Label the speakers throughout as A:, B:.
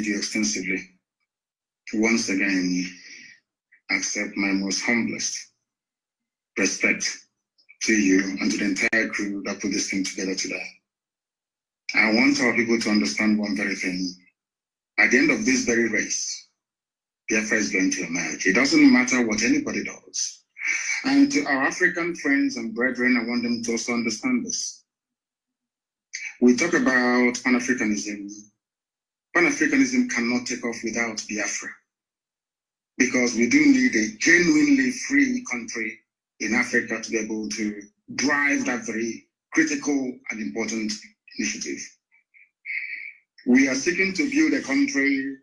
A: did extensively. Once again, accept my most humblest
B: respect to you and to the entire crew that put this thing together today. I want our people to understand one very thing. At the end of this very race, Biafra is going to emerge. It doesn't matter what anybody does. And to our African friends and brethren, I want them to also understand this. We talk about Pan Africanism, Pan-Africanism cannot take off without Biafra because we do need a genuinely free country in Africa to be able to drive that very critical and important initiative. We are seeking to build a country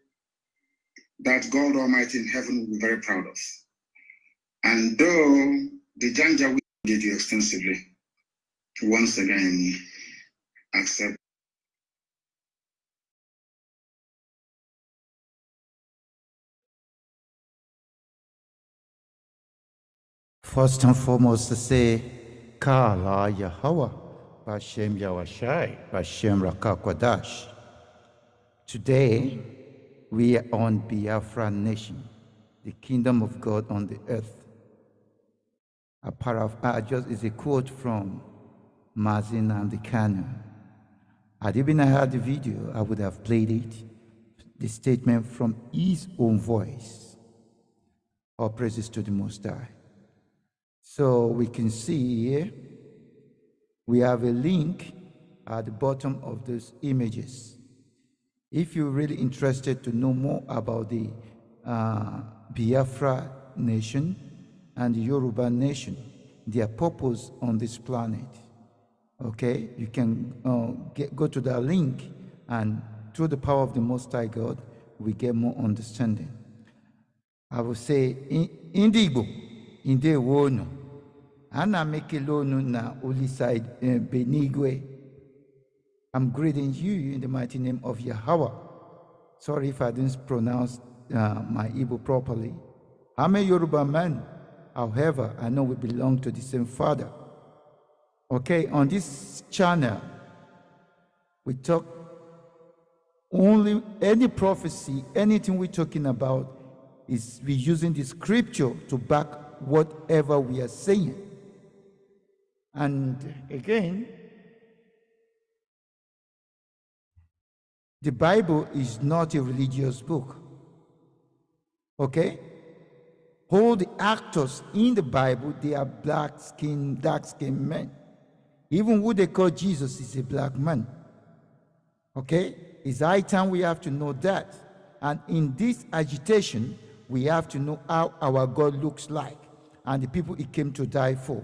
B: that God Almighty in heaven will be very proud of. And though the
A: we did you extensively, once again, accept First and foremost,
C: to say, Kala Yahweh, Bashem Yawashai, Bashem Rakakwadash. Today, we are on Biafra Nation, the kingdom of God on the earth. A paraph- uh, just is a quote from Mazin and the canon. Had been I had the video, I would have played it, the statement from his own voice. All praises to the Most High. So we can see here, we have a link at the bottom of those images. If you're really interested to know more about the uh, Biafra nation and the Yoruba nation, their purpose on this planet, okay, you can uh, get, go to that link and through the power of the Most High God, we get more understanding. I will say, Indigo, Indewono. Ana Mekelonuna Uliside eh, Benigwe. I'm greeting you in the mighty name of Yahweh. Sorry if I didn't pronounce uh, my Igbo properly. I'm a Yoruba man. However, I know we belong to the same Father. Okay, on this channel, we talk only any prophecy, anything we're talking about is we're using the scripture to back whatever we are saying. And again, the Bible is not a religious book. Okay? All the actors in the Bible, they are black skinned, dark skinned men. Even who they call Jesus is a black man. Okay? It's high time we have to know that. And in this agitation, we have to know how our God looks like and the people he came to die for.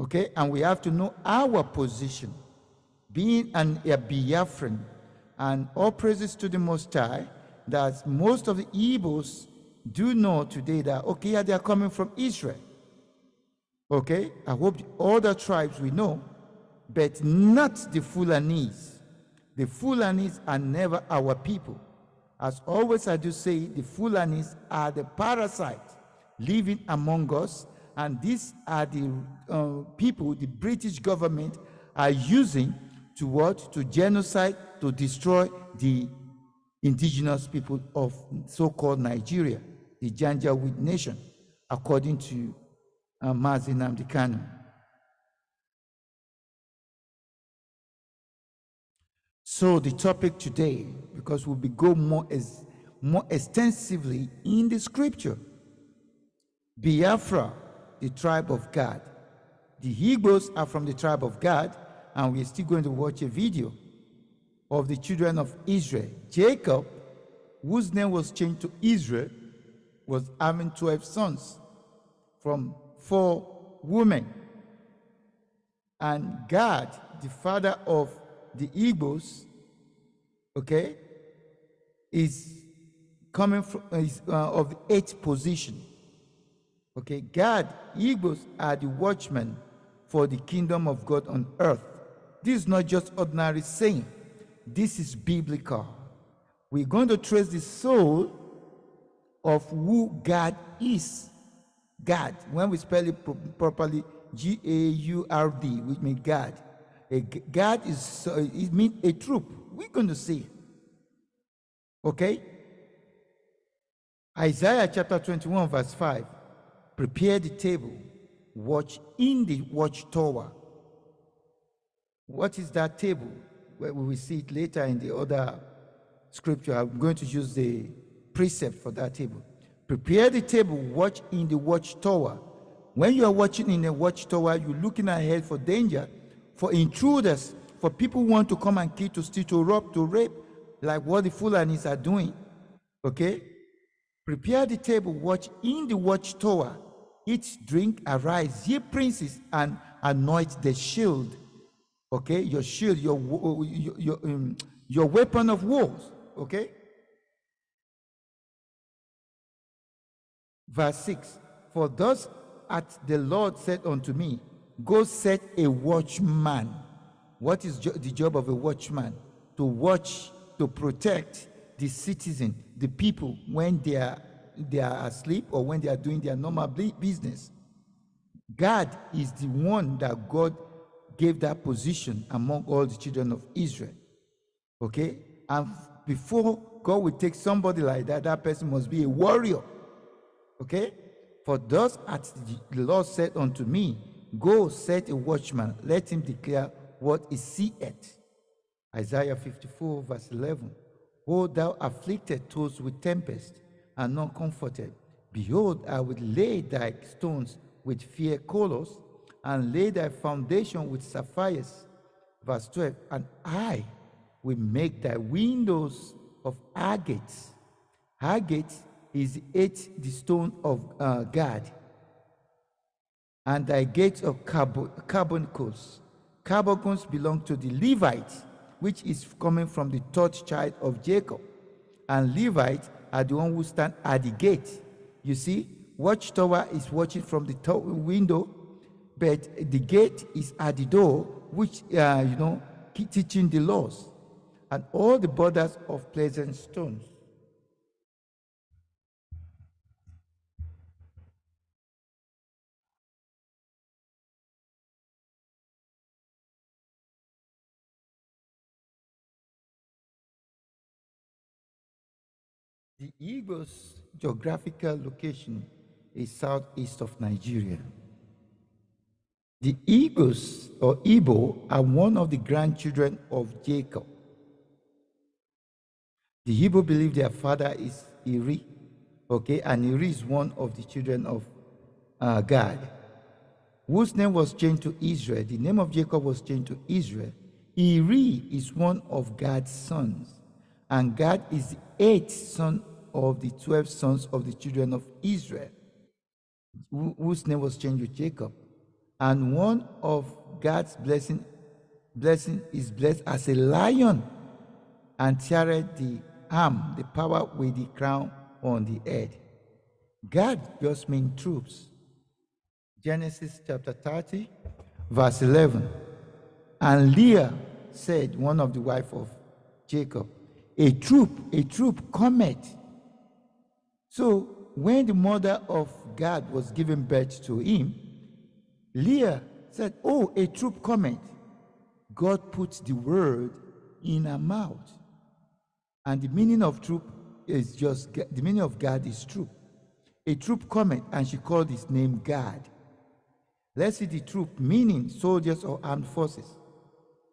C: Okay? And we have to know our position. Being an a Biafran, and all praises to the Most High, that most of the Igbos do know today that, okay, yeah, they are coming from Israel. Okay? I hope all the tribes we know, but not the Fulanese. The Fulanese are never our people. As always, I do say the Fulanis are the parasite living among us and these are the uh, people the British government are using to what? To genocide, to destroy the indigenous people of so-called Nigeria, the Janjaweed nation, according to uh, Mazi So the topic today, because we'll be go more more extensively in the scripture, Biafra the tribe of God, The Hebrews are from the tribe of God, and we're still going to watch a video of the children of Israel. Jacob, whose name was changed to Israel, was having 12 sons from four women. And God, the father of the Hebrews, okay, is coming from, is, uh, of the eighth position. Okay, God, Igbos are the watchmen for the kingdom of God on earth. This is not just ordinary saying, this is biblical. We're going to trace the soul of who God is. God, when we spell it pro properly, G A U R D, which means God. A God is it means a troop. We're going to see. Okay. Isaiah chapter 21, verse 5 prepare the table, watch in the watchtower. What is that table? Well, we will see it later in the other scripture. I'm going to use the precept for that table. Prepare the table, watch in the watchtower. When you are watching in the watchtower, you're looking ahead for danger, for intruders, for people who want to come and kill, to steal, to rob, to rape, like what the Fulanis are doing. Okay? Prepare the table, watch in the watchtower eat, drink, arise, ye princes, and anoint the shield. Okay, your shield, your your your, um, your weapon of wars. Okay. Verse six. For thus at the Lord said unto me, Go set a watchman. What is jo the job of a watchman? To watch, to protect the citizen, the people when they are they are asleep or when they are doing their normal business. God is the one that God gave that position among all the children of Israel. Okay? And before God will take somebody like that, that person must be a warrior. Okay? For thus at the Lord said unto me, Go set a watchman, let him declare what he seeth. Isaiah 54, verse 11. O thou afflicted tossed with tempest, and not comforted. Behold, I will lay thy stones with fair colors, and lay thy foundation with sapphires. Verse 12, and I will make thy windows of agates. Agate is eight the stone of uh, God, and thy gates of carbuncles. Carbuncles belong to the Levites, which is coming from the third child of Jacob. And Levite are the one who stand at the gate. You see, watchtower is watching from the top window, but the gate is at the door, which uh, you know, teaching the laws, and all the borders of pleasant stones.
A: Igbo's geographical location is southeast of Nigeria.
C: The Igbos or Igbo are one of the grandchildren of Jacob. The Igbo believe their father is Iri, okay, and Iri is one of the children of uh, God, whose name was changed to Israel. The name of Jacob was changed to Israel. Iri is one of God's sons, and God is the eighth son of the 12 sons of the children of Israel, whose name was changed to Jacob. And one of God's blessing, blessing is blessed as a lion and teared the arm, the power with the crown on the head. God just means troops. Genesis chapter 30, verse 11. And Leah said, one of the wife of Jacob, a troop, a troop cometh so when the mother of God was giving birth to him, Leah said, Oh, a troop cometh. God put the word in her mouth. And the meaning of troop is just the meaning of God is troop. A troop cometh, and she called his name God. Let's see the troop, meaning soldiers or armed forces.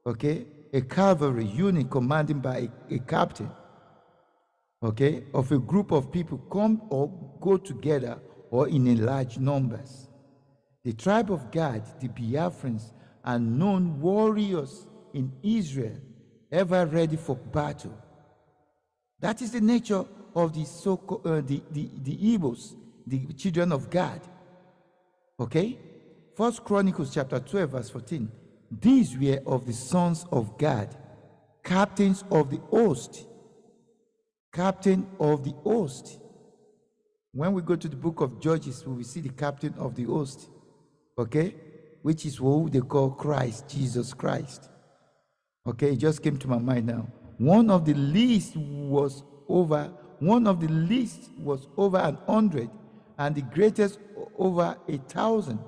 C: Okay? A cavalry unit commanded by a, a captain okay, of a group of people come or go together or in a large numbers. The tribe of Gad, the Biafrans, are known warriors in Israel, ever ready for battle. That is the nature of the so uh, the, the, the Igbos, the children of God. Okay? First Chronicles chapter 12, verse 14. These were of the sons of God, captains of the host captain of the host. When we go to the book of Judges, we will see the captain of the host, okay? Which is who they call Christ, Jesus Christ. Okay, it just came to my mind now. One of the least was over, one of the least was over an hundred, and the greatest over a thousand.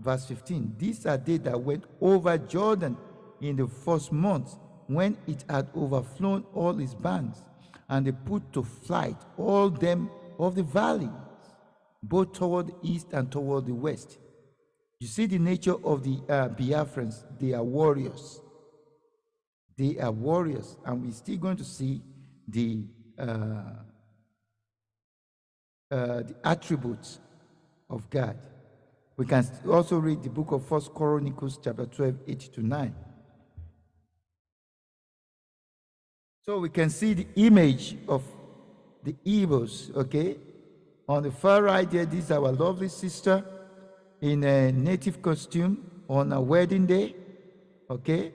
C: Verse 15 These are they that went over Jordan in the first month when it had overflown all its bands and they put to flight all them of the valleys, both toward the east and toward the west. You see the nature of the uh, Biafrans, they are warriors. They are warriors, and we're still going to see the, uh, uh, the attributes of God. We can also read the book of First Chronicles, chapter 12, 8 to 9. So we can see the image of the evils, okay? On the far right here, this is our lovely sister in a native costume on a wedding day, okay?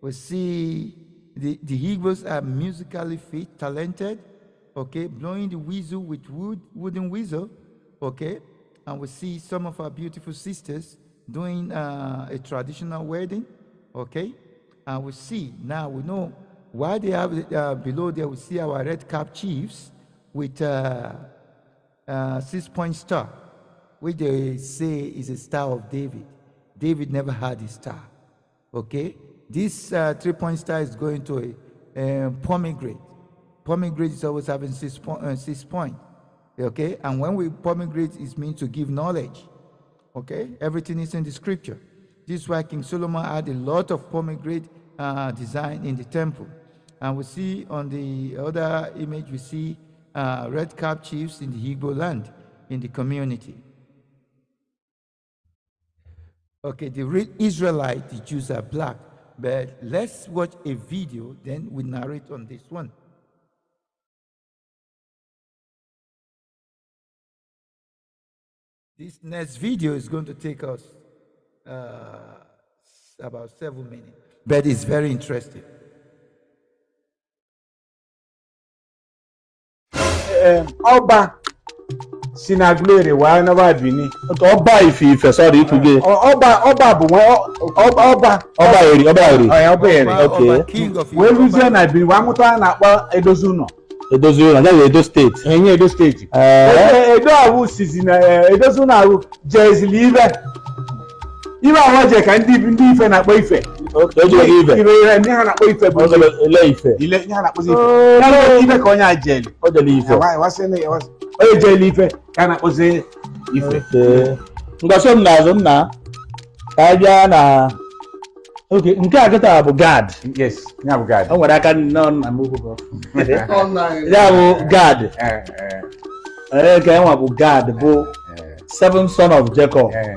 C: We see the, the Igbos are musically fit, talented, okay? Blowing the whistle with wood, wooden whistle, okay? And we see some of our beautiful sisters doing uh, a traditional wedding, okay? And we see now, we know why they have uh, below there, we see our red cap chiefs with a uh, uh, six point star, which they say is a star of David. David never had a star. Okay? This uh, three point star is going to a, a um, pomegranate. Pomegranate is always having six, po- six point. Okay? And when we pomegranate, it means to give knowledge. Okay? Everything is in the scripture. This is why King Solomon had a lot of pomegranate uh, design in the temple. And we see on the other image, we see uh, red cap chiefs in the Igbo land, in the community. Okay, the real Israelite, the Jews are black, but let's watch
A: a video, then we narrate on this one. This next video is going to
C: take us uh, about seven minutes, but it's very interesting.
A: Um, ọba si na wa n'ọba Benin. ọba Ifẹ̀ Ifẹ̀
B: sọ̀rọ̀ ikuge. ọba ọba Àbùnwá ọba ọba. ọba eri ọba eri. ọba eri ok. wee luzie na Benin wa amụta na-akpọ edozi ụlọ. edozi ụlọ naanị Edo steeti. enye Edo steeti. edo ahụ sizi na edozi ụlọ ahụ jezili ibe ibe ahụ je ka ndị Ife na-akpọ Ife lójú ilé Ifẹ̀ ìròyìn ní àná pé Ifẹ̀ bọ̀ ilé Ifẹ̀ ilé ní àná pé Ifẹ̀ oh, Ifẹ̀ kan ní àjẹlì ó jẹlì Ifẹ̀ wá sílẹ̀ ó yẹ jẹlì Ifẹ̀ kánà ó ṣe Ifẹ̀. nga so nna azụ nna ka a bịa na ok nke a kịta bụ gad yes ya bụ gad o nwere aka nọ na mokwu ya bụ gad ee ka enwa bụ gad bụ seven son of Jacob. Yeah.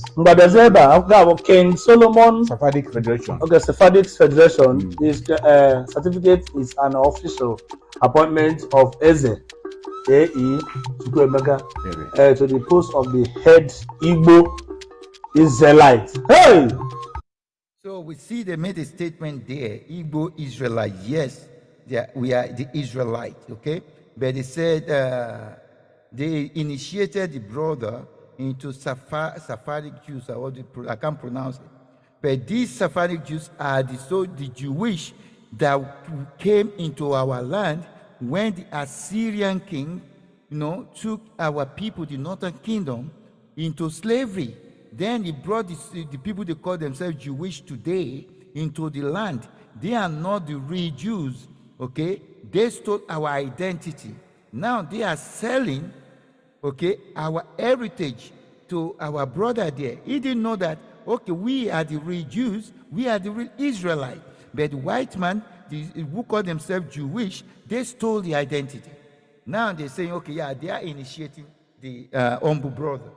B: Mgbada's Eba, akụkọ abụ King Solomon Sephardic Federation. Okay, Sephardic Federation mm. is uh, certificate is an official appointment of Eze A.E. uh, to the post of the head Igbo Israelite.
A: Hey!
C: So we see they made a statement there, Igbo Israelite. Yes, we are the Israelite, okay? But they said uh, they initiated the brother into Sephardic Jews, I can't pronounce it. But these Sephardic Jews are the, so the Jewish that came into our land when the Assyrian king, you know, took our people, the northern kingdom, into slavery. Then he brought the, the people they call themselves Jewish today into the land. They are not the real Jews, okay? They stole our identity. Now they are selling okay, our heritage to our brother there. He didn't know that, okay, we are the real Jews, we are the real Israelites. But the white man, the, who call themselves Jewish, they stole the identity. Now they're saying, okay, yeah, they are initiating the uh, humble brother.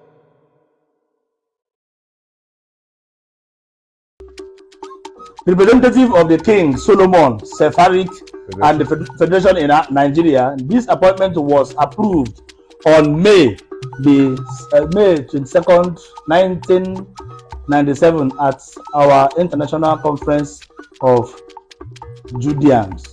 B: Representative of the King Solomon, Sephardic, and the Federation in Nigeria, this appointment was approved on May the uh, May nineteen ninety-seven, at our International Conference of Judeans,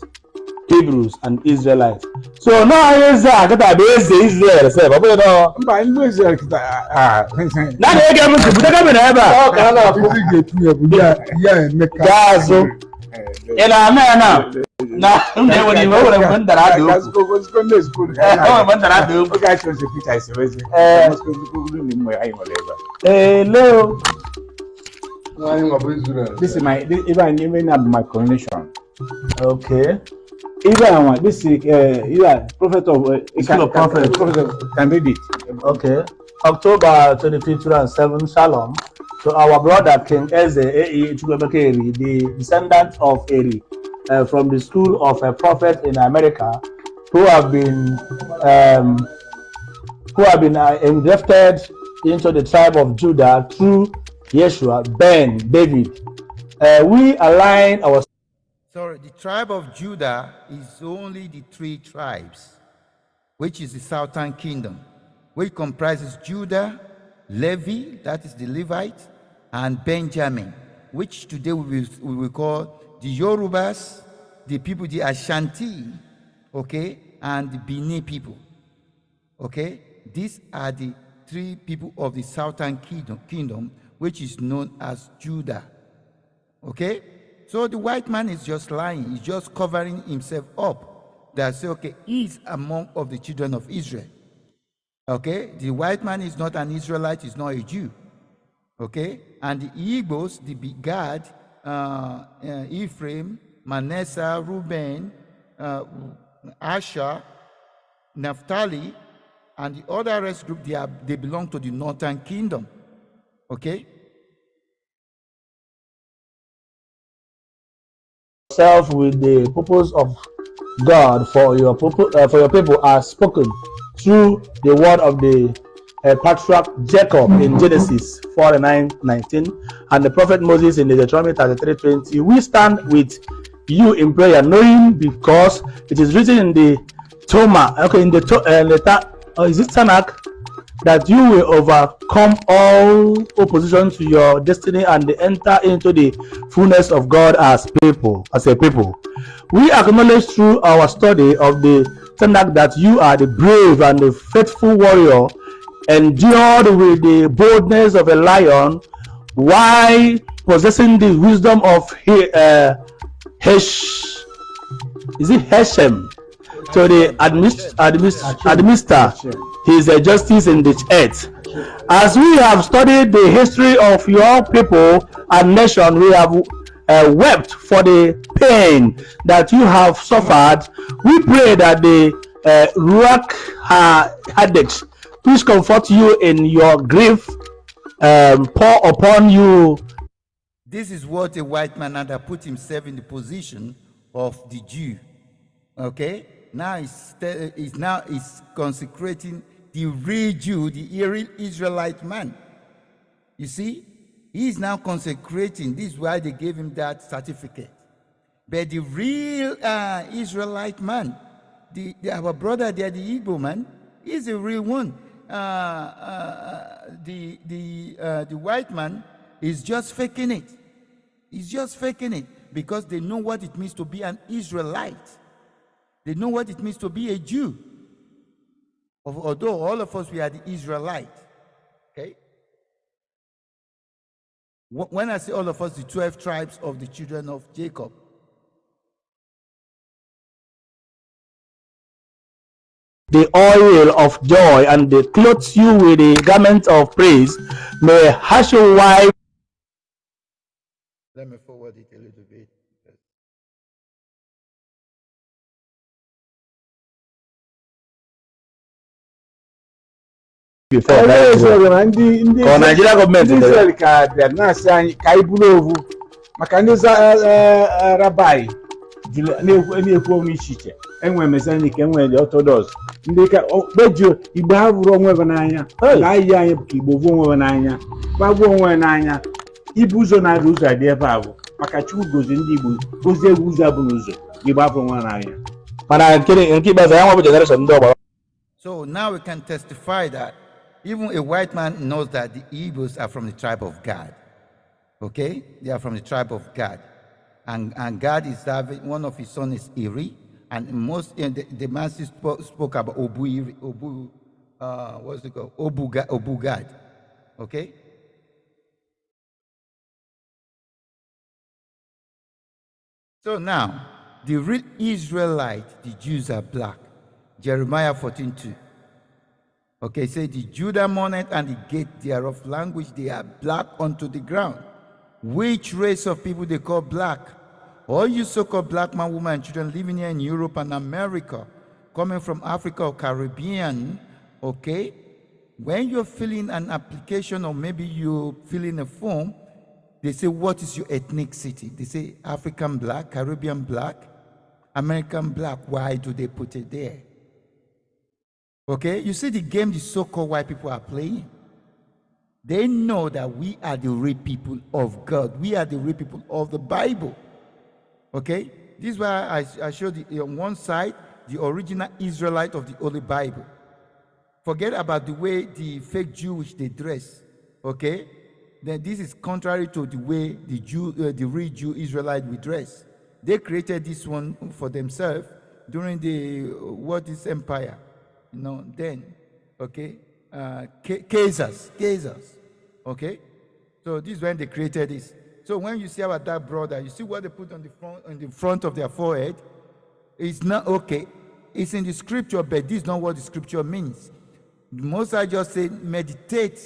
B: Hebrews and Israelites. So náà ayé ṣe àkẹta àbí ẹ̀ṣẹ̀ Israel ṣe bàbá yẹn náà. Mbà ń lo Israel kìtà àà. Náà ni ẹ gẹ́gẹ́ mi sùn, bí dẹ́gẹ́ mi náà ẹ bá. Ọ̀kan náà fún mi gètù ẹ̀ bùdí à ìyá ẹ̀ mẹ́ka. Gáàzó ina eh, mena na ne wani ba wani ban da rado ko ne school eh wani ban da rado ko ka shi fita sai wai eh ko ko ne mai ai mole ba eh lo this is my this, even even my condition okay even uh, this is uh, eh, yeah, prophet of uh, can, of prophet. prophet of, can okay october 25th and 7 shalom So our brother King Eze A.E. the descendant of Eri uh, from the school of a prophet in America, who have been um, who have been uh, engrafted into the tribe of Judah through Yeshua, Ben, David. Uh, we align our.
C: Sorry, the tribe of Judah is only the three tribes, which is the southern kingdom, which comprises Judah, Levi, that is the Levites, and Benjamin, which today we will, we will call the Yorubas, the people, the Ashanti, okay, and the Bini people. Okay, these are the three people of the southern kingdom, kingdom which is known as Judah. Okay, so the white man is just lying, he's just covering himself up. That say, okay, he's among of the children of Israel. Okay, the white man is not an Israelite, he's not a Jew. Okay? And the Igbos, the begat uh, uh, Ephraim, Manasseh, Reuben, uh, Asher, Naphtali, and the other rest group, they, are, they belong to the northern kingdom. Okay?
A: Self with the purpose of God for your, uh, for your people are spoken through the word
B: of the uh, patriarch Jacob in Genesis 4 and 9, 19, and the prophet Moses in Deuteronomy 33, 20, we stand with you in prayer, knowing because it is written in the Toma, okay, in the, to, uh, letter, oh, is it Tanakh? That you will overcome all opposition to your destiny and enter into the fullness of God as people, as a people. We acknowledge through our study of the Tanakh that you are the brave and the faithful warrior endured with the boldness of a lion, why possessing the wisdom of he, uh, Hesh, is it Heshem? To the administ, administ, administer his uh, justice in the earth. As we have studied the history of your people and nation, we have uh, wept for the pain that you have suffered. We pray that the uh, Ruach Hadesh peace comfort you in your grief, um, pour upon you.
C: This is what a white man had put himself in the position of the Jew. Okay? Now he's, he's now he's consecrating the real Jew, the real Israelite man. You see? He's now consecrating. This is why they gave him that certificate. But the real uh, Israelite man, the, the, our brother there, the Igbo man, is the real one. Uh, uh, the, the, uh, the white man is just faking it. He's just faking it because they know what it means to be an Israelite. They know what it means to be a Jew. Although all of us, we are the Israelite. Okay? When I say all of us, the 12 tribes of the children of Jacob,
A: the oil of joy and they clothe you with the garment of praise. May your wife. Let me forward it a little bit. Before
B: enwe mesanik enwe ndị ọtọdọs ndị ka kpeji igbo ha onwe ha n'anya na ayi anyị igbo bụ onwe ha n'anya gbagbuo onwe n'anya ibu na na-adị adị ebe a bụ maka chukwu gozi ndị igbo gozi egwu ụzọ abụrụ ụzọ igbo abụrụ onwe ha n'anya mana nke ikpeazụ ya nwebụ generation ndị ọgbara
C: So now we can testify that even a white man knows that the Igbos are from the tribe of God. Okay? They are from the tribe of God. And, and God is having, one of his sons is Iri, and most the, the masses spoke, spoke about Obu, Obu uh, what's
A: it called? Obuga, Obugad. Okay? So now, the real
C: Israelite, the Jews are black. Jeremiah 14 2. Okay, say the Judah mourneth and the gate thereof language, they are black unto the ground. Which race of people they call black? All you so-called black man, woman, and children living here in Europe and America, coming from Africa or Caribbean, okay? When you're filling an application or maybe you're filling a form, they say, what is your ethnicity? They say African black, Caribbean black, American black. Why do they put it there? Okay, you see the game the so-called white people are playing. They know that we are the real people of God. We are the real people of the Bible. Okay? This is why I, I showed the, on one side the original Israelite of the Holy Bible. Forget about the way the fake Jewish they dress. Okay? Then this is contrary to the way the Jew, uh, the real Jew Israelite we dress. They created this one for themselves during the uh, what is empire, you know. Then, okay, uh, Caesars, Caesars, okay. So this is when they created this. So when you see our dark brother, you see what they put on the front on the front of their forehead. It's not okay. It's in the scripture, but this is not what the scripture means. Most I just say meditate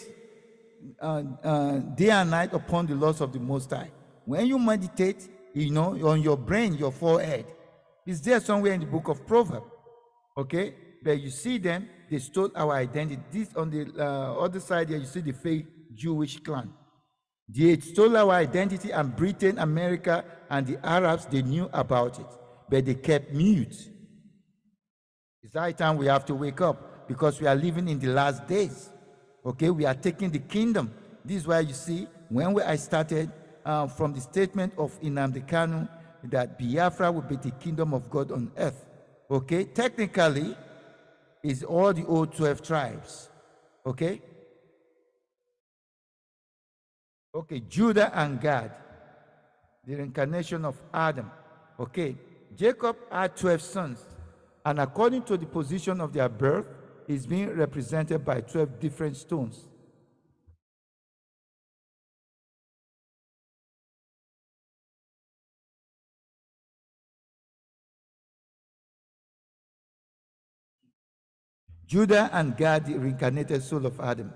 C: uh, uh, day and night upon the laws of the Most High. When you meditate, you know, on your brain, your forehead, Is there somewhere in the book of Proverbs. Okay, but you see them, they stole our identity. This on the uh, other side here, you see the fake Jewish clan. They stole our identity, and Britain, America, and the Arabs, they knew about it, but they kept mute. It's high time we have to wake up because we are living in the last days. Okay, we are taking the kingdom. This is why you see, when I started uh, from the statement of Inam Kanu that Biafra will be the kingdom of God on earth. Okay, technically, it's all the old 12 tribes. Okay, Okay, Judah and Gad, the reincarnation of Adam. Okay, Jacob had 12 sons, and according to the position of their birth, is being represented by
A: 12 different stones. Judah and Gad, the reincarnated
C: soul of Adam.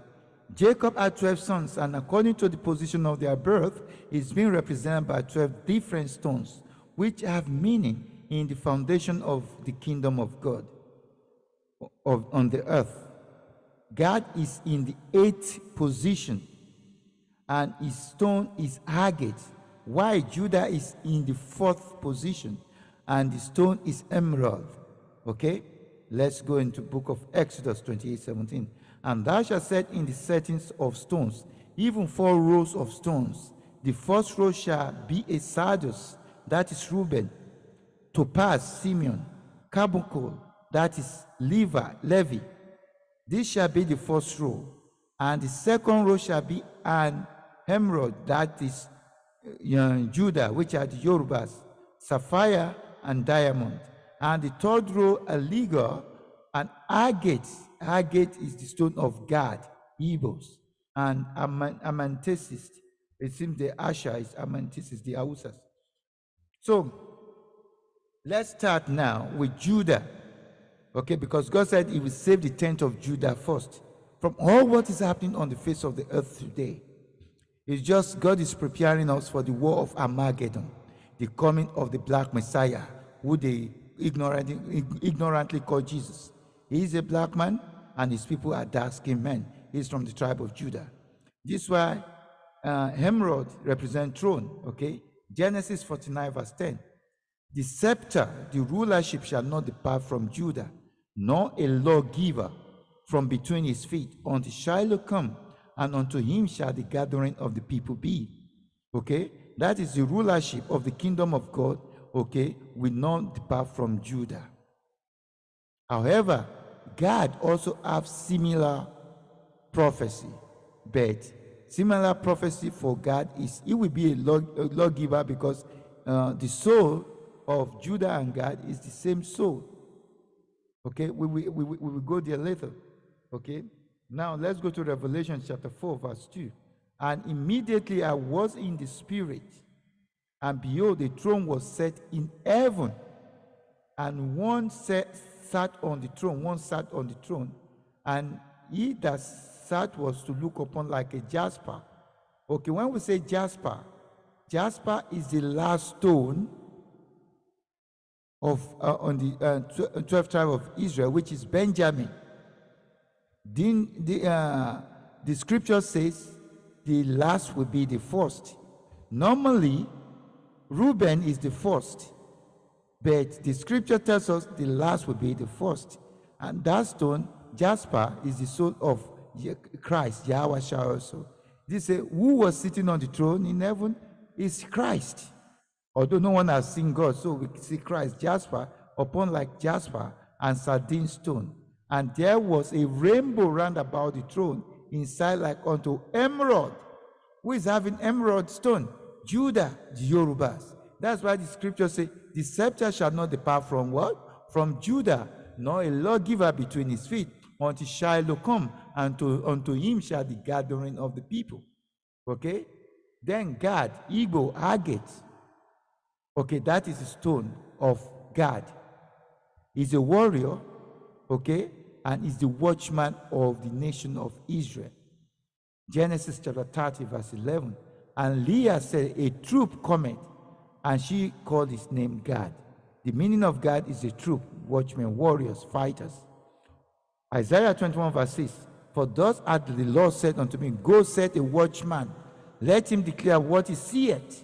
C: Jacob had 12 sons, and according to the position of their birth, is being represented by 12 different stones, which have meaning in the foundation of the kingdom of God of, on the earth. God is in the eighth position, and his stone is agate, while Judah is in the fourth position, and the stone is emerald. Okay? Let's go into book of Exodus 28 17. And thou shalt set in the settings of stones, even four rows of stones. The first row shall be a sardius, that is Reuben, topaz, Simeon, carbuncle, that is Levi, Levy. This shall be the first row. And the second row shall be an emerald, that is uh, uh Judah, which are the Yorubas, sapphire and diamond. And the third row, a ligure, an agate, gate is the stone of God, Hebrews, and amanthesis. It seems the Asher is amantesis, the Hausas. So let's start now with Judah. Okay, because God said He will save the tent of Judah first. From all what is happening on the face of the earth today, it's just God is preparing us for the war of Armageddon, the coming of the black Messiah, who they ignorantly, ignorantly call Jesus. He's a black man, and his people are dark skinned men. He's from the tribe of Judah. This is why uh, Hemrod represents throne, okay? Genesis 49, verse 10. The scepter, the rulership shall not depart from Judah, nor a lawgiver from between his feet, until Shiloh come, and unto him shall the gathering of the people be. Okay? That is the rulership of the kingdom of God, okay, will not depart from Judah. However, God also have similar prophecy, but similar prophecy for God is he will be a, law, lawgiver because uh, the soul of Judah and God is the same soul. Okay, we we, we, we will go there later. Okay, now let's go to Revelation chapter 4, verse 2. And immediately I was in the spirit, and behold, the throne was set in heaven, and one set, sat on the throne, one sat on the throne, and he that sat was to look upon like a jasper. Okay, when we say jasper, jasper is the last stone of uh, on the uh, 12th tribe of Israel, which is Benjamin. Then the, uh, the scripture says the last will be the first. Normally, Reuben is the first. But the scripture tells us the last will be the first. And that stone, Jasper, is the soul of Christ, Yahweh also. They say, Who was sitting on the throne in heaven is Christ. Although no one has seen God, so we see Christ, Jasper, upon like Jasper and sardine stone. And there was a rainbow round about the throne, inside like unto emerald. Who is having emerald stone? Judah, the Yorubas. That's why the scripture say the scepter shall not depart from what? From Judah, nor a lawgiver between his feet, until Shiloh come, and to, unto him shall the gathering of the people. Okay? Then God, Ego, Agate. Okay, that is the stone of God. He's a warrior, okay, and is the watchman of the nation of Israel. Genesis chapter 30, verse 11. And Leah said, A troop cometh and she called his name God. The meaning of God is a troop, watchmen, warriors, fighters. Isaiah 21, verse 6 For thus hath the Lord said unto me, Go set a watchman, let him declare what he seeth.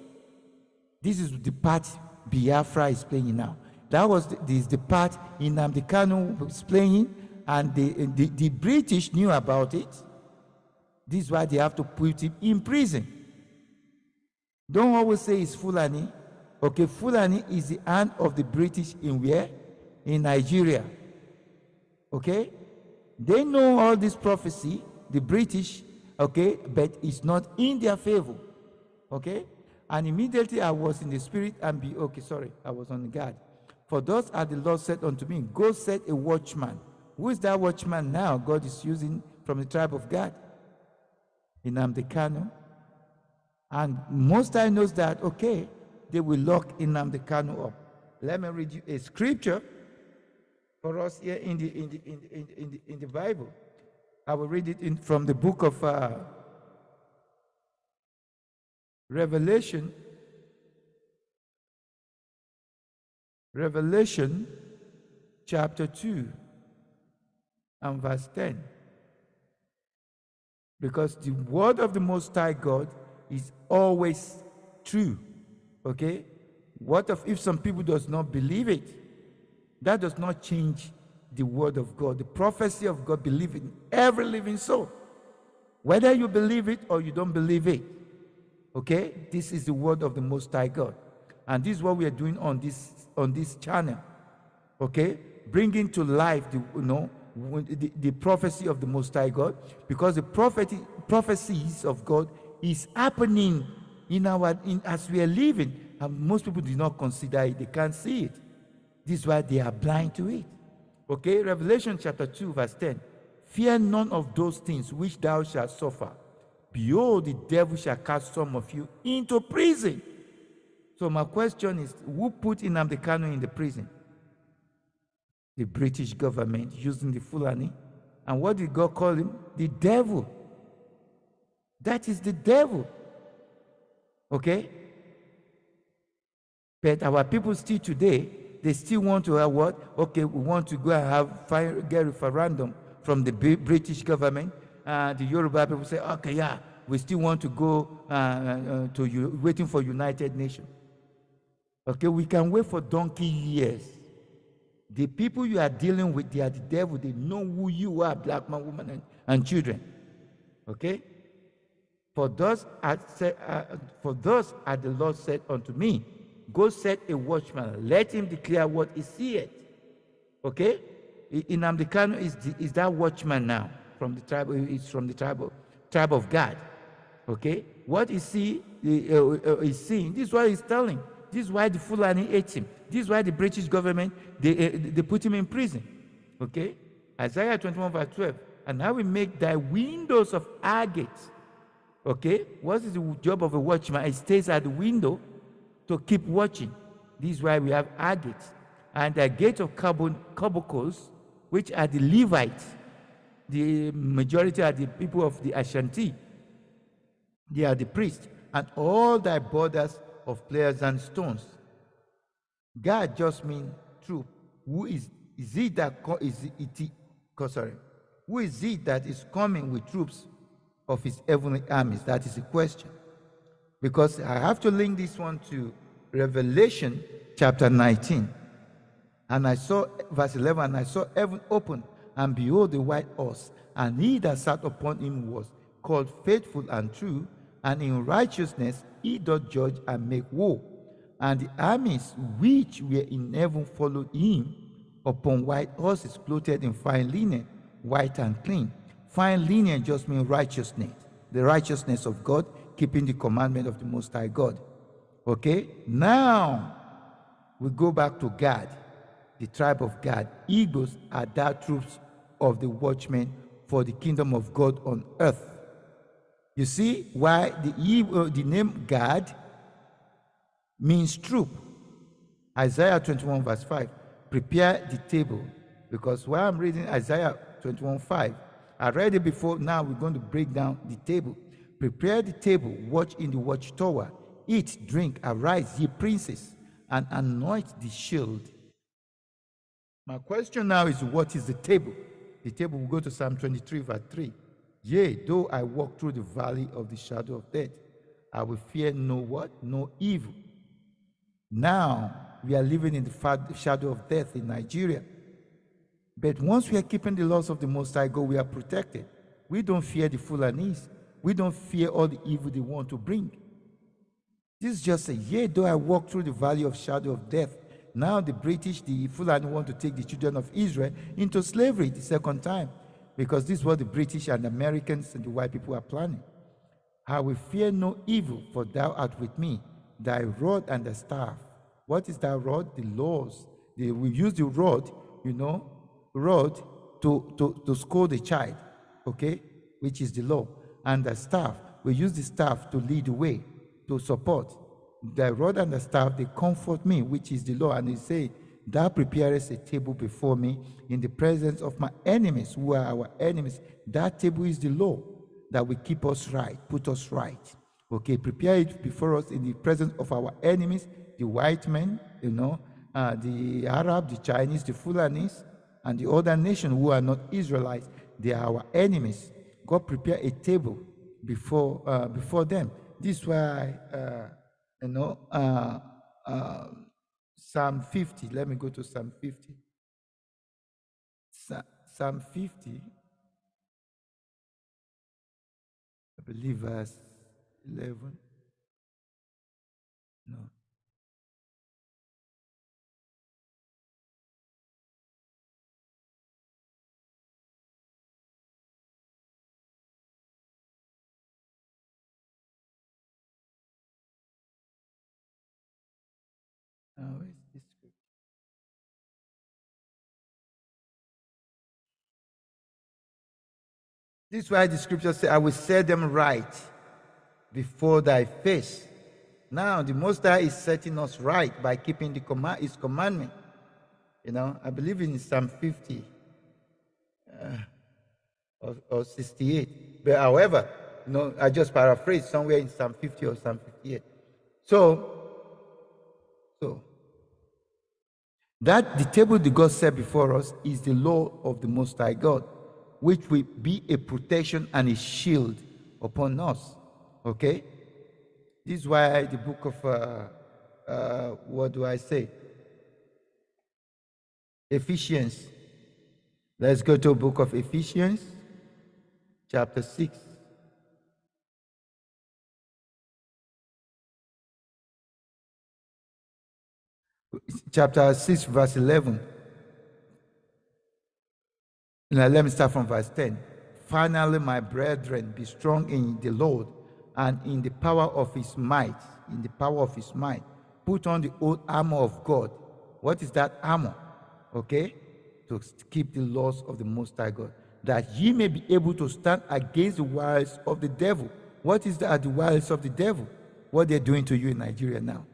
C: This is the part Biafra is playing now. That was the, this, the part in Amdekanu was playing, and the, the, the British knew about it. This is why they have to put him in prison. Don't always say it's Fulani. Okay, Fulani is the hand of the British in where? In Nigeria. Okay? They know all this prophecy, the British, okay, but it's not in their favor. Okay? And immediately I was in the spirit and be okay, sorry, I was on guard. For thus had the Lord said unto me, Go set a watchman. Who is that watchman now God is using from the tribe of God? In Amdekano. And most I knows that, okay, they will lock Nnamdi Kanu up. Let me read you a scripture for us here in the in the in the, in the, in the, in the Bible. I will read
A: it in, from the book of uh, Revelation. Revelation
C: chapter 2 and verse 10. Because the word of the Most High God is always true. Okay? What if, if some people does not believe it? That does not change the word of God. The prophecy of God believe in every living soul. Whether you believe it or you don't believe it. Okay? This is the word of the most high God. And this is what we are doing on this on this channel. Okay? Bringing to life the you know the, the prophecy of the most high God because the prophecy prophecies of God is happening in our in, as we are living, and uh, most people do not consider it, they can't see it. This is why they are blind to it. Okay, Revelation chapter 2, verse 10. Fear none of those things which thou shalt suffer. Behold, the devil shall cast some of you into prison. So my question is, who put in Kanu in the prison? The British government using the Fulani. And what did God call him? The devil. That is the devil. Okay? But our people still today, they still want to have what? Okay, we want to go and have fire, get referendum from the British government. Uh, the Yoruba people say, okay, yeah, we still want to go uh, uh, to you, waiting for United Nations. Okay, we can wait for donkey years. The people you are dealing with, they are the devil. They know who you are, black man, woman, and, and children. Okay? For thus, I uh, for thus had the Lord said unto me, Go set a watchman, let him declare what he seeth. Okay? in Kano is, the, is that watchman now from the tribe, it's from the tribe of, tribe of God. Okay? what he uh, uh, is seeing? This is what he's telling. This is why the Fulani ate him. This is why the British government they, uh, they put him in prison. Okay? Isaiah 21, verse 12. And I will make thy windows of agate Okay? What is the job of a watchman? He stays at the window to keep watching. This is why we have agates and the gate of carbon cubicles, which are the Levites. The majority are the people of the Ashanti. They are the priests, and all thy borders of players and stones. God just mean troop. Who is is it that is it? Sorry, who is it that is coming with troops of his heavenly armies? That is the question. Because I have to link this one to Revelation chapter 19. And I saw, verse 11, and I saw heaven open, and behold, the white horse, and he that sat upon him was called faithful and true, and in righteousness he doth judge and make war. And the armies which were in heaven followed him upon white horses, clothed in fine linen, white and clean Fine lineage just means righteousness, the righteousness of God, keeping the commandment of the Most High God. Okay? Now, we go back to God, the tribe of God. Eagles are that troops of the watchmen for the kingdom of God on earth. You see why the, uh, the name God means troop. Isaiah 21, verse 5. Prepare the table. Because while I'm reading Isaiah 21, 5, I read it before. Now we're going to break down the table. Prepare the table, watch in the watchtower, eat, drink, arise, ye princes, and anoint the shield. My question now is what is the table? The table will go to Psalm 23, verse 3. Yea, though I walk through the valley of the shadow of death, I will fear no what? No evil. Now we are living in the shadow of death in Nigeria. But once we are keeping the laws of the Most High God, we are protected. We don't fear the Fulanese. We don't fear all the evil they want to bring. This is just a year, though I walk through the valley of shadow of death. Now the British, the Fulani want to take the children of Israel into slavery the second time, because this is what the British and Americans and the white people are planning. I will fear no evil, for thou art with me, thy rod and thy staff. What is thy rod? The laws. They will use the rod, you know, road to, to, to school the child, okay, which is the law. And the staff, we use the staff to lead the way, to support. The rod and the staff, they comfort me, which is the law. And they say, Thou preparest a table before me in the presence of my enemies, who are our enemies. That table is the law that will keep us right, put us right. Okay, prepare it before us in the presence of our enemies, the white men, you know, uh, the Arab, the Chinese, the Fulanis, and the other nation who are not Israelites, they are our enemies. God prepare a table before uh, before them. This is why uh, you know uh, uh Psalm 50. Let me go to Psalm 50.
A: Psalm 50. I believe verse 11. Oh, this This is why the scripture says, I will set them right before thy face.
C: Now, the Most High is setting us right by keeping the command, his commandment. You know, I believe in Psalm 50 uh, or, or 68. But however, you know, I just paraphrase somewhere in Psalm 50 or Psalm 58. So, That the table that God set before us is the law of the Most High God, which will be a protection and a shield upon us. Okay? This is why the book of, uh, uh, what do I say? Ephesians. Let's go to book of Ephesians, chapter
A: 6. chapter 6, verse 11.
C: Now, let me start from verse 10. Finally, my brethren, be strong in the Lord and in the power of his might. In the power of his might. Put on the old armor of God. What is that armor? Okay? To keep the laws of the Most High God, that ye may be able to stand against the wiles of the devil. What is that, the wiles of the devil? What they're doing to you in Nigeria now.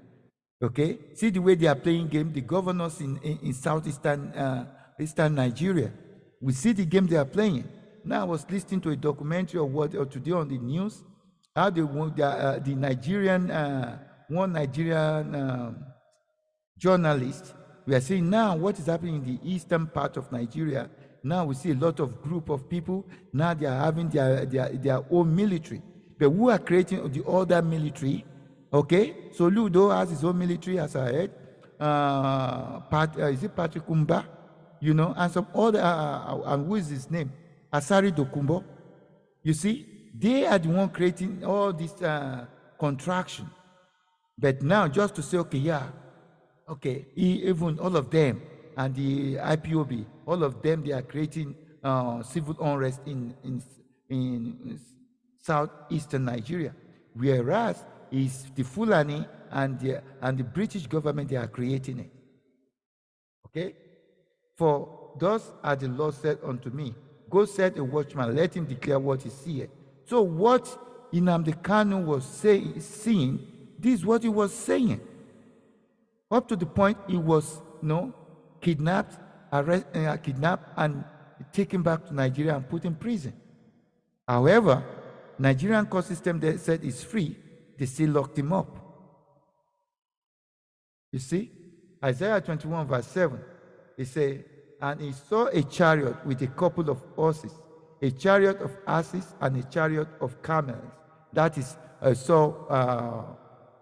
C: Okay, see the way they are playing game. The governors in in, in southeastern uh, eastern Nigeria, we see the game they are playing. Now I was listening to a documentary or what or today on the news, how they want the, uh, the Nigerian uh, one Nigerian um, journalist. We are seeing now what is happening in the eastern part of Nigeria. Now we see a lot of group of people. Now they are having their their, their own military, but who are creating the other military Okay, so Ludo has his own military as a head. Uh, Pat, uh, is it Patrick Kumba? You know, and some other, uh, uh, uh and who is his name? Asari Dokumbo. You see, they are the one creating all this uh, contraction. But now, just to say, okay, yeah, okay, even all of them and the IPOB, all of them, they are creating civil unrest in, in, in southeastern Nigeria. Whereas is the Fulani and the, and the British government, they are creating it. Okay? For thus are the Lord said unto me, Go set a watchman, let him declare what he seeth. So what the Kanu was saying, seeing, this is what he was saying. Up to the point he was you no know, kidnapped, arrest, uh, kidnapped and taken back to Nigeria and put in prison. However, Nigerian court system they said is free, they still locked him up. You see, Isaiah 21, verse 7, he said, And he saw a chariot with a couple of horses, a chariot of asses, and a chariot of camels. That is, uh, saw uh,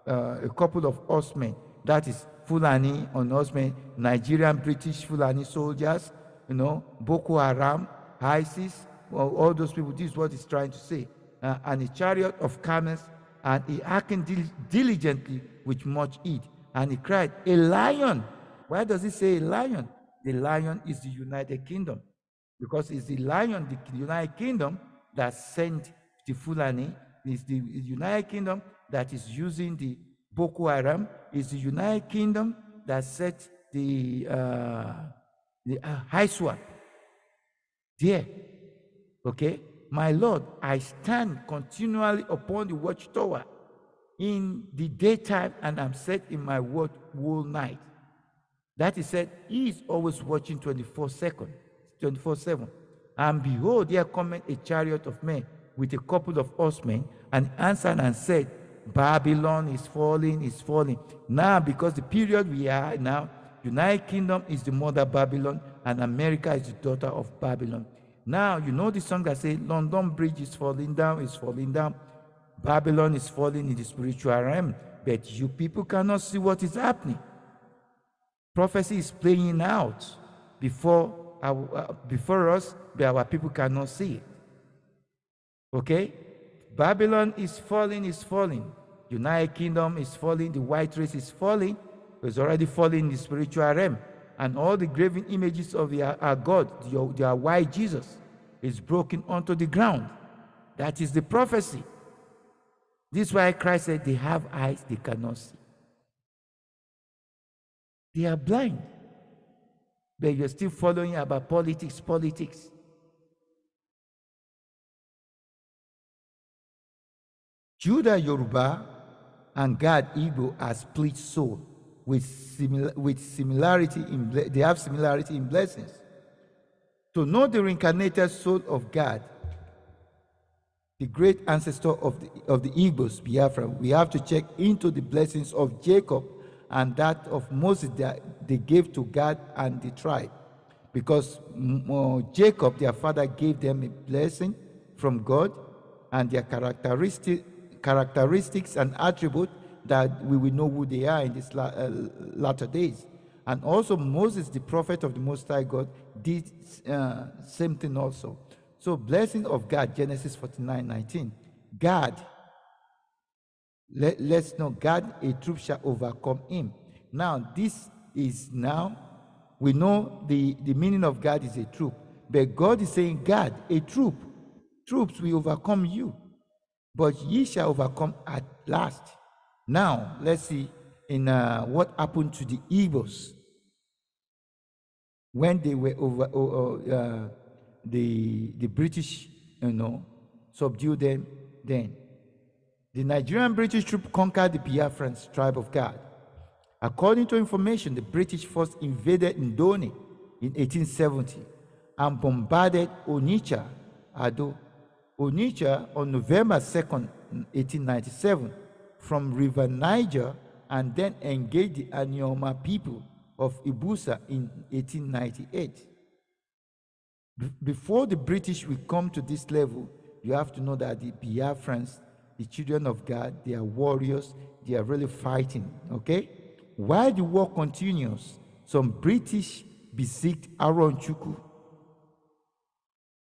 C: uh, a couple of horsemen. That is Fulani on horsemen, Nigerian British Fulani soldiers, you know, Boko Haram, ISIS, all those people. This is what he's trying to say. Uh, and a chariot of camels and he hearkened dil- diligently with much heed. And he cried, A lion. Why does he say a lion? The lion is the United Kingdom. Because it's the lion, the United Kingdom, that sent the Fulani. It's the United Kingdom that is using the Boko Haram. It's the United Kingdom that set the, uh, the uh, high swap there. Okay? My Lord, I stand continually upon the watchtower in the daytime and i am set in my watch all night. That is said, He is always watching 24 second, 24 7. And behold, there cometh a chariot of men with a couple of horsemen, and answered and said, Babylon is falling, is falling. Now, because the period we are now, United Kingdom is the mother Babylon, and America is the daughter of Babylon. Now, you know the song that say London Bridge is falling down, is falling down. Babylon is falling in the spiritual realm. But you people cannot see what is happening. Prophecy is playing out before, our, uh, before us, but our people cannot see it. Okay? Babylon is falling, is falling. United Kingdom is falling, the white race is falling. It's already falling in the spiritual realm and all the graven images of their, our God, their, their Jesus, is broken onto the ground. That is the prophecy. This is why Christ said, They have eyes, they cannot see.
A: They are blind. But you're still following about politics, politics. Judah Yoruba and God Igbo
C: are split soul with, simil- with similarity in ble- they have similarity in blessings. To know the reincarnated soul of God, the great ancestor of the, of the Biafra, we have to check into the blessings of Jacob and that of Moses that they gave to God and the tribe. Because mm, uh, Jacob, their father, gave them a blessing from God, and their characteristic, characteristics and attributes that we will know who they are in these uh, latter days. And also Moses, the prophet of the Most High God, did uh, same thing also. So blessing of God, Genesis 49, 19. God, let, us know, God, a troop shall overcome him. Now, this is now, we know the, the meaning of God is a troop. But God is saying, God, a troop, troops will overcome you. But ye shall overcome at last now, let's see in uh, what happened to the Igbos when they were over, uh, the, the British, you know, subdued them then. The Nigerian British troop conquered the Biafran tribe of God. According to information, the British first invaded Ndoni in 1870 and bombarded Onitsha, Ado, Onitsha on November 2nd, 1897 from River Niger and then engaged the Anioma people of Ibusa in 1898. Before the British will come to this level, you have to know that the Biafrans, the children of God, they are warriors, they are really fighting, okay? While the war continues, some British besieged Aronchuku,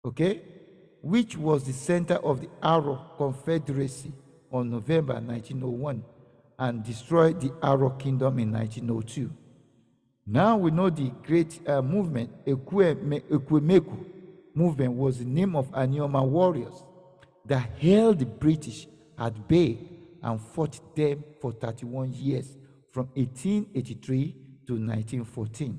C: okay? Which was the center of the Aro Confederacy on November 1901 and destroyed the Arab Kingdom in 1902. Now we know the great uh, movement, Ekwemeku movement, was the name of Anioma warriors that held the British at bay and fought them for 31 years from 1883 to 1914.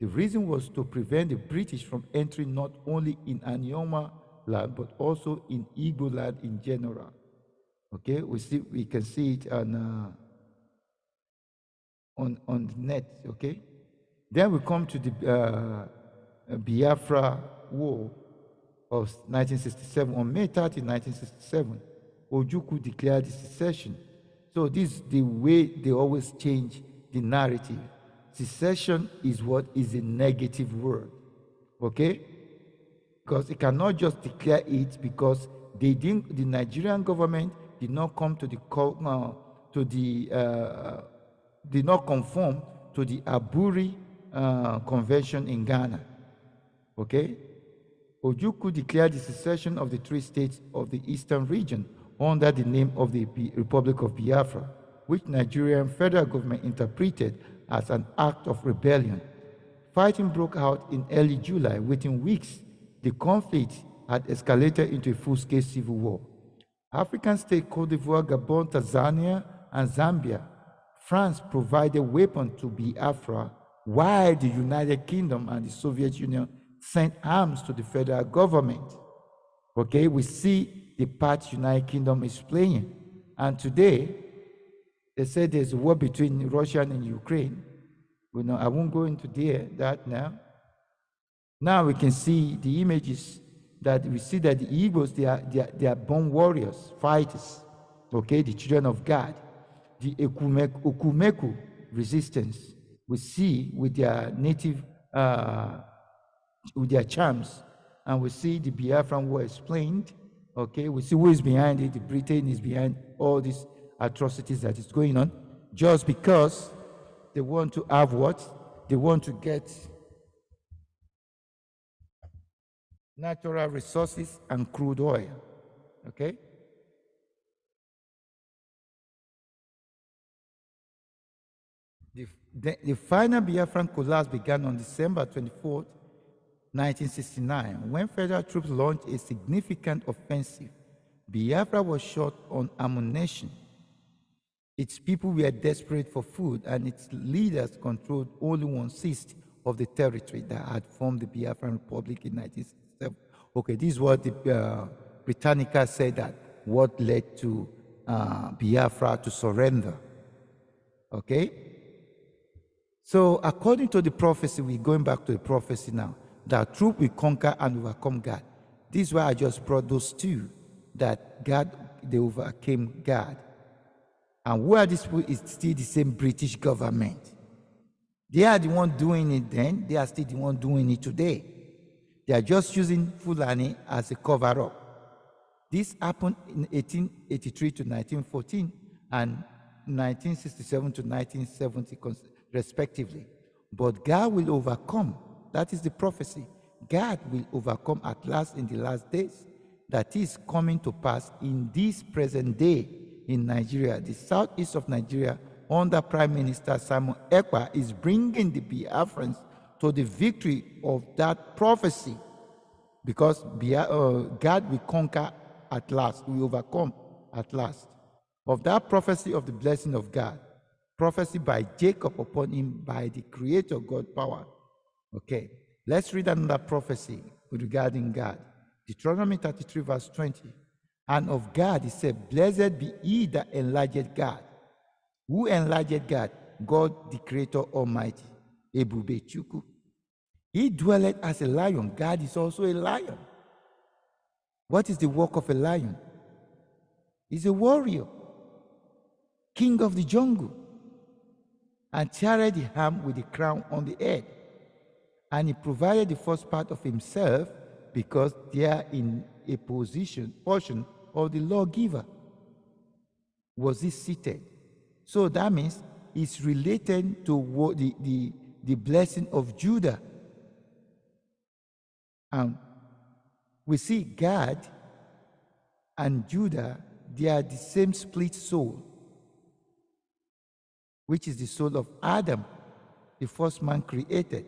C: The reason was to prevent the British from entering not only in Anioma land but also in Igbo land in general. Okay, we see we can see it on uh, on on the net. Okay, then we come to the uh, Biafra War of 1967. On May 30, 1967, Ojuku declared secession. So this is the way they always change the narrative. Secession is what is a negative word. Okay, because it cannot just declare it because they didn't. The Nigerian government did not come to the uh, to the uh, did not conform to the Aburi uh, Convention in Ghana. Okay, Ojukwu declared the secession of the three states of the eastern region under the name of the Republic of Biafra, which Nigerian federal government interpreted as an act of rebellion. Fighting broke out in early July. Within weeks, the conflict had escalated into a full-scale civil war. Africans take Cote d'Ivoire, Gabon, Tanzania, and Zambia. France provided weapons to Biafra, while the United Kingdom and the Soviet Union sent arms to the federal government. Okay, we see the part United Kingdom is playing. And today, they said there's a war between Russia and Ukraine. You know, I won't go into there, that now. Now we can see the images that we see that the Igbos, they are, they are, they are born warriors, fighters, okay, the children of God. The Ekumeku, resistance, we see with their native, uh, with their charms, and we see the Biafran war explained, okay, we see who is behind it, the Britain is behind all these atrocities that is going on, just because they want to have what? They want to get
A: natural resources, and crude oil. Okay? The, the, the final Biafran collapse began on
C: December 24, 1969, when federal troops launched a significant offensive. Biafra was short on ammunition. Its people were desperate for food, and its leaders controlled only one sixth of the territory that had formed the Biafran Republic in 1969 okay, this is what the uh, Britannica said that what led to uh, Biafra to surrender. Okay? So, according to the prophecy, we're going back to the prophecy now that truth will conquer and overcome God. This is why I just brought those two that God, they overcame God. And where this is still the same British government. They are the one doing it then, they are still the one doing it today. They are just using Fulani as a cover up. This happened in 1883 to 1914 and 1967 to 1970, respectively. But God will overcome. That is the prophecy. God will overcome at last in the last days. That is coming to pass in this present day in Nigeria, the southeast of Nigeria, under Prime Minister Simon Ekwa, is bringing the Biafrans to the victory of that prophecy because uh, God will conquer at last, we overcome at last. Of that prophecy of the blessing of God, prophecy by Jacob upon him by the Creator God power. Okay, let's read another prophecy regarding God. Deuteronomy 33, verse 20. And of God, he said, Blessed be he that enlargeth God. Who enlargeth God? God, the Creator Almighty. Ebube Chukwu. He dwelleth as a lion. God is also a lion. What is the work of a lion? He's a warrior, king of the jungle, and charred the ham with the crown on the head. And he provided the first part of himself because they are in a position, portion of the lawgiver. Was he seated? So that means it's related to the, the, the blessing of Judah and um, we see Gad and Judah, they are the same split soul, which is the soul of Adam, the first man created.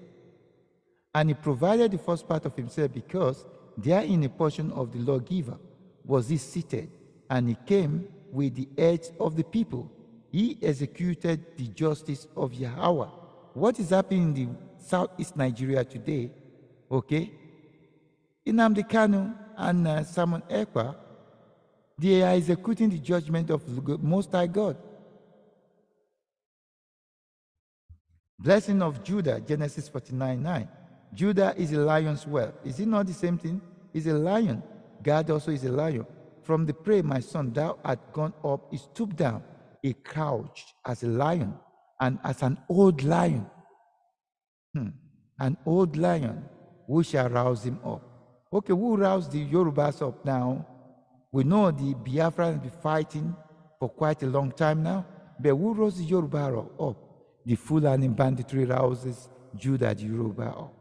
C: And he provided the first part of himself because there in a portion of the lawgiver was he seated, and he came with the edge of the people. He executed the justice of Yahweh. What is happening in the southeast Nigeria today, okay, Inamdi Kanu and uh, Simon Ekwa, they are executing the judgment of Most High God. Blessing of Judah, Genesis 49 9. Judah is a lion's whelp. Is it not the same thing? Is a lion. God also is a lion. From the prey, my son, thou art gone up, he stooped down, he crouched as a lion and as an old lion. Hmm. An old lion, we shall rouse him up. Okay, who roused the Yorubas up now? We know the Biafrans have been fighting for quite a long time now, but who roused the Yoruba up? The Fulani banditry rouses Judah the Yoruba up.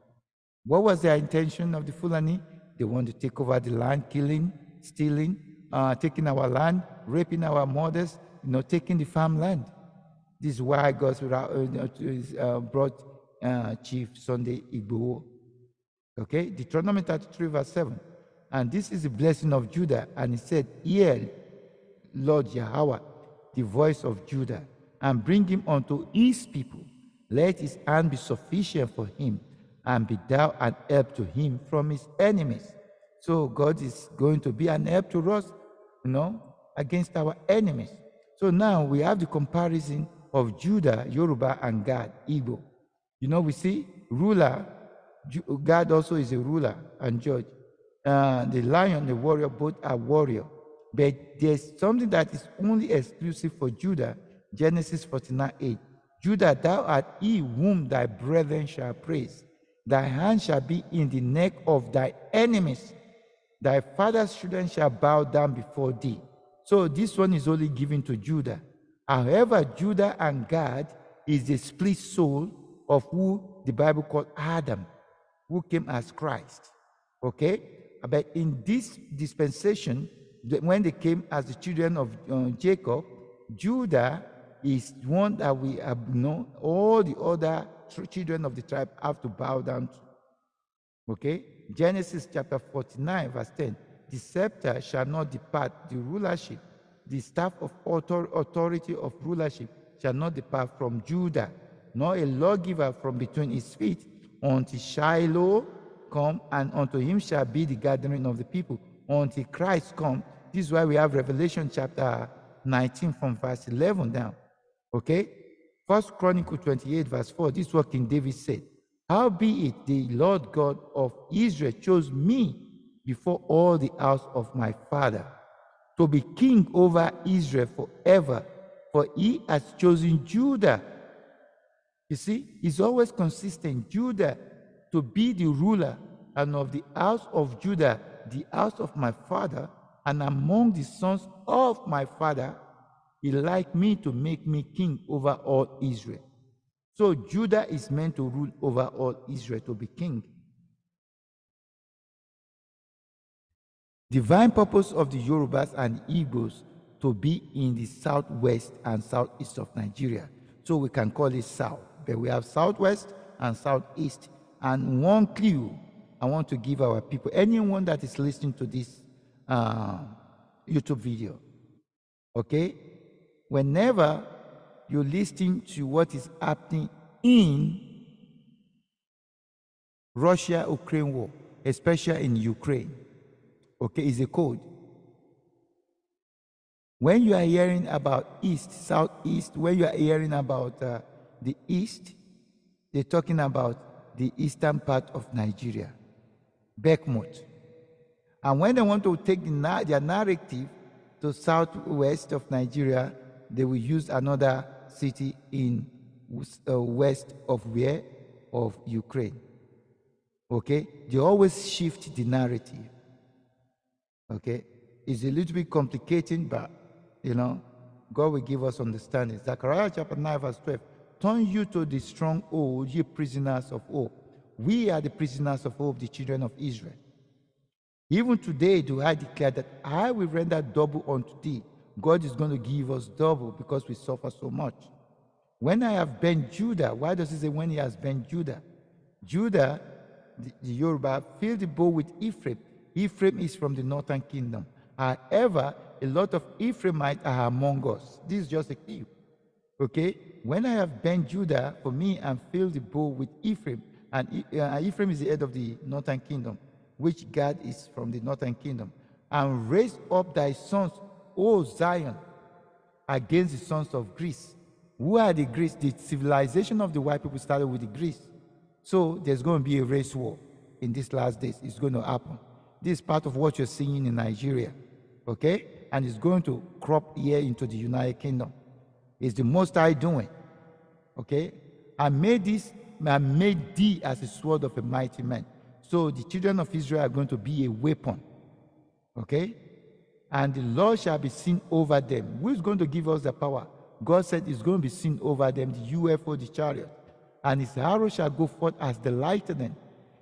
C: What was their intention of the Fulani? They want to take over the land, killing, stealing, uh, taking our land, raping our mothers, you know, taking the farmland. This is why God uh, uh, uh, brought uh, Chief Sunday Igbo Okay, Deuteronomy 33, verse 7. And this is the blessing of Judah. And he said, Hear, Lord Yahweh, the voice of Judah, and bring him unto his people. Let his hand be sufficient for him, and be thou an help to him from his enemies. So God is going to be an help to us, you know, against our enemies. So now we have the comparison of Judah, Yoruba, and God, Igbo. You know, we see ruler God also is a ruler and judge. Uh, the lion, the warrior, both are warrior. But there's something that is only exclusive for Judah. Genesis 49 8. Judah, thou art he whom thy brethren shall praise. Thy hand shall be in the neck of thy enemies. Thy father's children shall bow down before thee. So this one is only given to Judah. However, Judah and God is the split soul of who the Bible called Adam who came as Christ. Okay? But in this dispensation, when they came as the children of uh, Jacob, Judah is one that we have known. All the other children of the tribe have to bow down to. Okay? Genesis chapter 49, verse 10. The scepter shall not depart, the rulership, the staff of authority of rulership shall not depart from Judah, nor a lawgiver from between his feet, until Shiloh come, and unto him shall be the gathering of the people, until Christ come. This is why we have Revelation chapter 19 from verse 11 down. Okay? First Chronicle 28 verse 4, this is what King David said. How be it the Lord God of Israel chose me before all the house of my father to be king over Israel forever, for he has chosen Judah you see, he's always consistent. Judah to be the ruler and of the house of Judah, the house of my father, and among the sons of my father, he liked me to make me king over all Israel. So Judah is meant to rule over all Israel to be king. Divine purpose of the Yorubas and Igbos to be in the southwest and southeast of Nigeria. So we can call it south but we have Southwest and Southeast. And one clue I want to give our people, anyone that is listening to this uh, YouTube video, okay? Whenever you're listening to what is happening in Russia-Ukraine war, especially in Ukraine, okay, is a code. When you are hearing about East, Southeast, when you are hearing about uh, the east, they're talking about the eastern part of Nigeria, Bekmut. And when they want to take the, their narrative to southwest of Nigeria, they will use another city in uh, west of where? Of Ukraine. Okay? They always shift the narrative. Okay? It's a little bit complicated, but, you know, God will give us understanding. Zechariah chapter 9, verse 12 turn you to the stronghold, ye prisoners of hope. We are the prisoners of hope, the children of Israel. Even today do I declare that I will render double unto thee. God is going to give us double because we suffer so much. When I have bent Judah, why does he say when he has bent Judah? Judah, the, Yoruba, filled the bowl with Ephraim. Ephraim is from the northern kingdom. However, a lot of Ephraimites are among us. This is just a clue. Okay, when I have bent Judah for me and filled the bowl with Ephraim, uh, and Ephraim is the head of the northern kingdom, which God is from the northern kingdom, and raised up thy sons, O Zion, against the sons of Greece. Who are the Greeks? The civilization of the white people started with the Greeks. So there's going to be a race war in these last days. It's going to happen. This is part of what you're seeing in Nigeria, okay? And it's going to crop here into the United Kingdom. Is the Most High doing. Okay? I made this, I made thee as a sword of a mighty man. So the children of Israel are going to be a weapon. Okay? And the Lord shall be seen over them. Who's going to give us the power? God said it's going to be seen over them, the UFO, the chariot. And his arrow shall go forth as the lightning.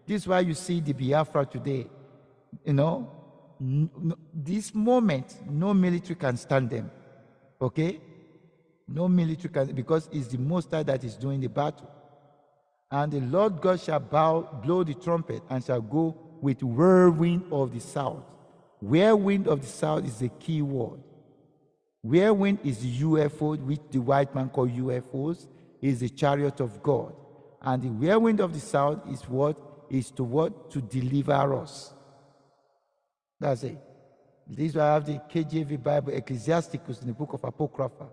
C: This is why you see the Biafra today. You know, this moment, no military can stand them. Okay? No military can, because it's the Most High that is doing the battle. And the Lord God shall bow, blow the trumpet and shall go with whirlwind of the south. Whirlwind of the south is the key word. Whirlwind is the UFO, which the white man call UFOs, is the chariot of God. And the whirlwind of the south is what is to what? To deliver us. That's it. This is why I have the KJV Bible, Ecclesiasticus in the book of Apocrypha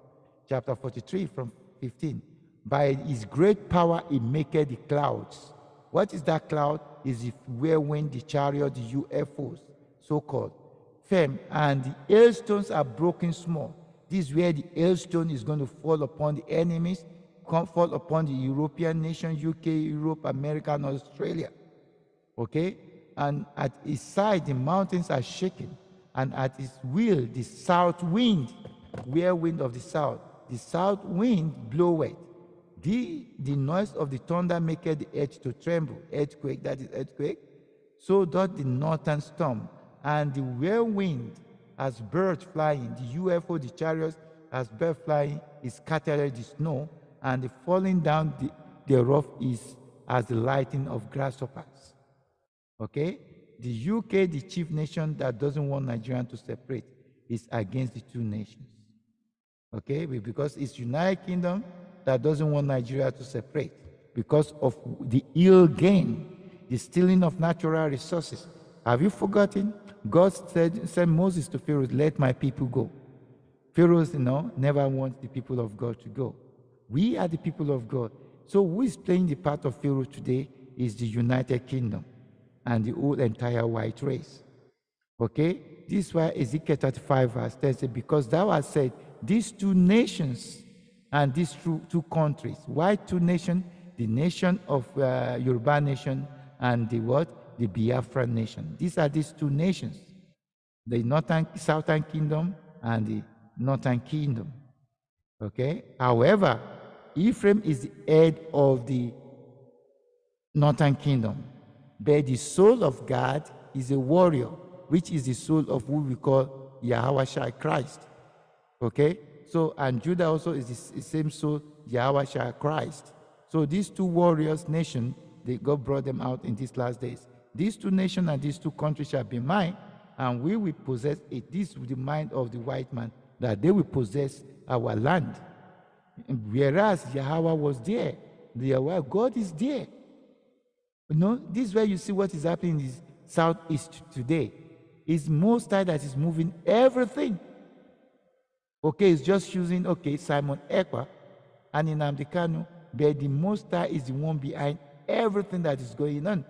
C: chapter 43 from 15. By his great power he maketh the clouds. What is that cloud? Is if where when the chariot, the UFOs, so-called, firm, and the hailstones are broken small. This is where the hailstone is going to fall upon the enemies, come fall upon the European nation, UK, Europe, America, and Australia. Okay? And at his side, the mountains are shaken, and at his will, the south wind, where wind of the south, the south wind bloweth. The, the noise of the thunder maketh the earth to tremble. Earthquake, that is earthquake. So doth the northern storm, and the whirlwind as birds flying, the UFO, the chariots as birds flying, is scattered the snow, and the falling down the, roof is as the lightning of grasshoppers. Okay? The UK, the chief nation that doesn't want Nigerians to separate, is against the two nations. Okay, because it's United Kingdom that doesn't want Nigeria to separate because of the ill gain, the stealing of natural resources. Have you forgotten? God said, sent Moses to Pharaoh, let my people go. Pharaoh, you know, never wants the people of God to go. We are the people of God. So who is playing the part of Pharaoh today is the United Kingdom and the whole entire white race. Okay? This is why Ezekiel 35 verse 10 says, Because thou hast said, these two nations and these two, two countries. Why two nations? The nation of uh, Yoruba nation and the what? The Biafra nation. These are these two nations. The northern, southern kingdom and the northern kingdom. Okay? However, Ephraim is the head of the northern kingdom. But the soul of God is a warrior, which is the soul of who we call Yahweh Christ. Okay? So, and Judah also is the same, so Yahusha Christ. So these two warriors nation, they, God brought them out in these last days. These two nations and these two countries shall be mine, and we will possess it. This is the mind of the white man, that they will possess our land. Whereas Yahweh was there, the Yahweh, God is there. You know, this is where you see what is happening in the southeast today. It's most that is moving everything. Okay it's just using okay, Simon Ekwa and in Kanu, but the Most High is the one behind everything that is going on.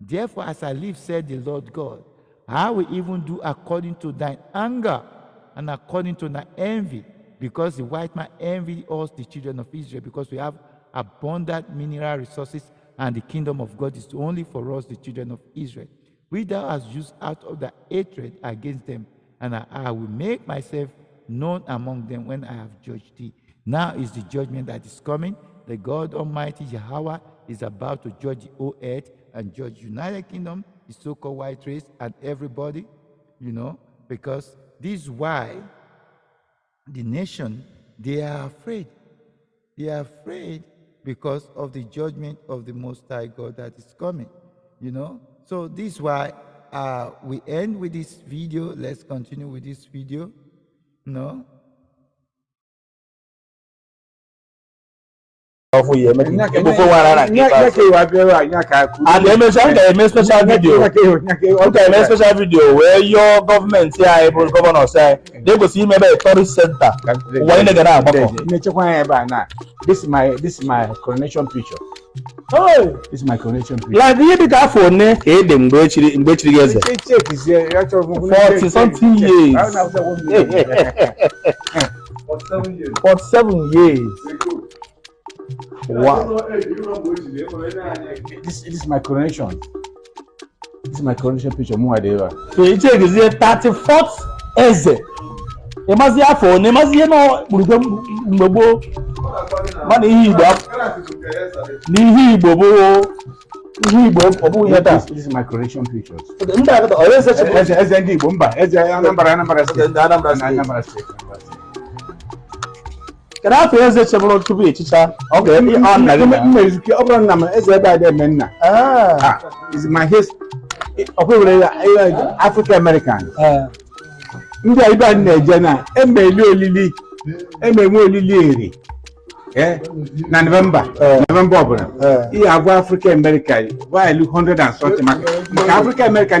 C: Therefore, as I live, said the Lord God, I will even do according to thine anger and according to thine envy, because the white man envy us, the children of Israel, because we have abundant mineral resources, and the kingdom of God is only for us, the children of Israel. With thou hast used out of the hatred against them, and I, I will make myself known among them when I have judged thee. Now is the judgment that is coming. The God Almighty Jehovah is about to judge the whole earth and judge United Kingdom, the so-called white race, and everybody, you know, because this is why the nation, they are afraid. They are afraid because of the judgment of the Most High God that is coming, you know. So this is why uh, we end with this video. Let's continue with this video. No.
A: emechaa m
B: ga-eme special video eme special video wee yọọ gọọmenti anyị bụ gọvanọ si anyị na-egosi ime ebe ụwa niile ga na-agbakọ is my connection. Like ihe dị that for ne? ka ede mgbe echiri mgbe echiri eze. Forty something years. Forty seven years. Wow. Eh, this, this is my coronation. This is my coronation picture. Mụ adịghị So ichegizie 34th eze. Ịmazi afọ one, ịmazi ihe nọ gburugburu mgbe gboo. mana ihe igbo n'ihe igbo bụ ihe igbo ọ bụghị ihe taa ndị agata ọ ndị igbo mba eze anambra anambra anambra kedu afọ eze chebụrụ tupu echicha ọ bụrụ nna m eze ebe eme nna ah. Ah. Ah. ndị ibe anyị na-eje na eme olili e olili eri Eh? na novemba eh. novemba ọbụla eh. ihe abụọ afrịka amerịka bụ
A: ilu 100 and something maka afrịka amerịka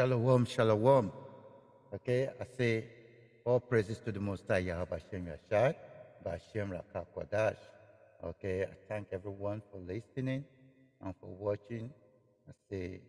C: Shalom, shalom. Okay, I say all praises to the Most High Yahweh Shem Yashad, Bashem Rakakwadash. Okay, I thank everyone for listening and for watching.
A: I say